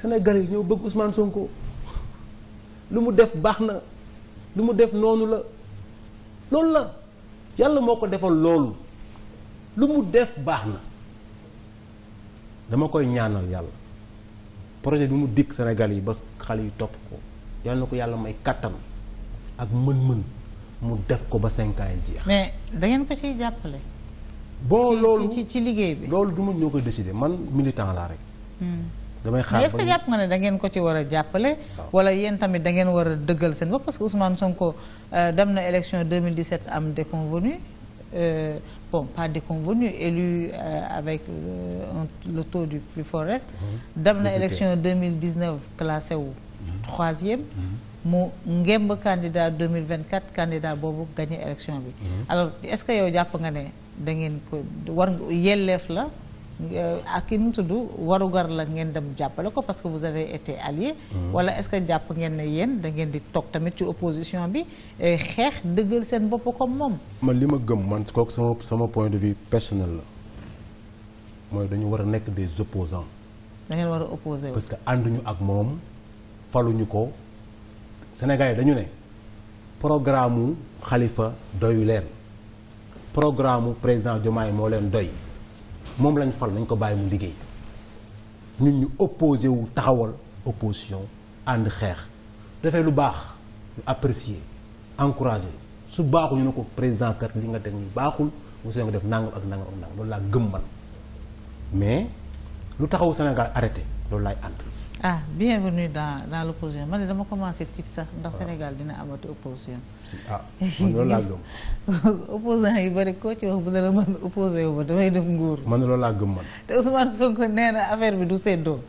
Sénégalais yi ñoo bëgg Ousmane Sonko lu mu def baax na lu mu def noonu la loolu la yàlla moo ko defal loolu lu mu def baax na dama koy ñaanal yàlla projet bi mu dikk Sénégal yi ba xale yu topp ko yàlla na ko yàlla may kàttan ak mën-mën mu def ko ba cinq yi jeex. mais da ngeen ko ciy jàppale. bon loolu ci ci liggéey bi loolu du ma ñoo koy décider man militant laa rek. Hmm. damay xaar mais est-ce jàpp nga ne da ngeen ko ci war a jàppale. wala yéen tamit da ngeen war a dëggal seen bopp parce que Ousmane Sonko euh, dem na élection 2017 am déconvenu euh, bon pas déconvenu élu euh, avec le taux du plus fort mm-hmm. dem na deux mille dix 2019 classé wu. Mm-hmm. troisième. Mm-hmm. mu ngemb candidat 2024 candidat boobu gagné élection bi. alors est-ce que yow jàpp nga ne da ngeen ko war yelleef la. Euh, ak yi nu tudd warugar la ngeen dem jàppale ko parce que vous avez été allié hmm. wala est-ce que jàpp ngeen ne yéen da ngeen di toog tamit ci opposition bi euh, xeex dëggal seen bopp comme moom man li ma gëm man kooku sama sama point de vue personnel la mooy dañu war a nekk des opposants da war a opposé parce que ànduñu ak moom faluñu ko Sénégal yi dañu ne programme xalifa doyu leen programme président Diomaye moo leen doy moom lañ fal nañ ko bàyyi mu liggéey ñun ñu opposé wu taxawal opposition ànd xeex dafay lu baax ñu apprécier encouragé su baaxul ñu ne ko président kat li nga teg ñu baaxul mu seen ko def nangam ak nangam ak loolu laa gëm man mais lu taxawu Sénégal arrêté loolu laay ànd ah bienvenue dans daa l' opposition man dama commencé tiit sax ndax Sénégal dina amati opposition. ah man loolu yu bëri koo ci wax bu ne man opposé ba damay dem nguur. man loolu laa gëm man. te Ousmane Sonko nee na affaire bi du seddoo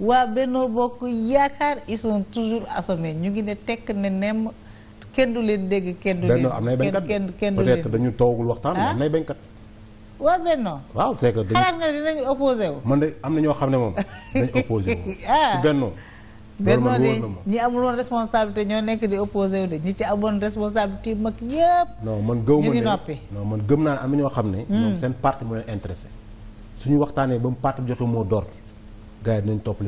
waa Benno Bokk Yaakaar ils sont toujours assommés ñu ngi ne tekk ne nemm kenn du leen dégg. kenn du leen kenn kenn du leen peut-être dañu toogul waxtaan ah? am nay bañkat. waaw Benno. waaw c'est que xalaat nga dinañu opposé man de am na ñoo xam ne moom dañu opposé wu. ah si Benno. Benno de ñi amul woon responsabilité ñoo nekk di opposé wu de ñi ci amoon responsabilité mag yëpp. non man gëw ma ne noppi. man gëm naa am na ñoo xam ne. Hmm. ñoom seen parti moo leen intéressé. suñu waxtaanee ba mu parti joxe moo door gars yi dinañ topp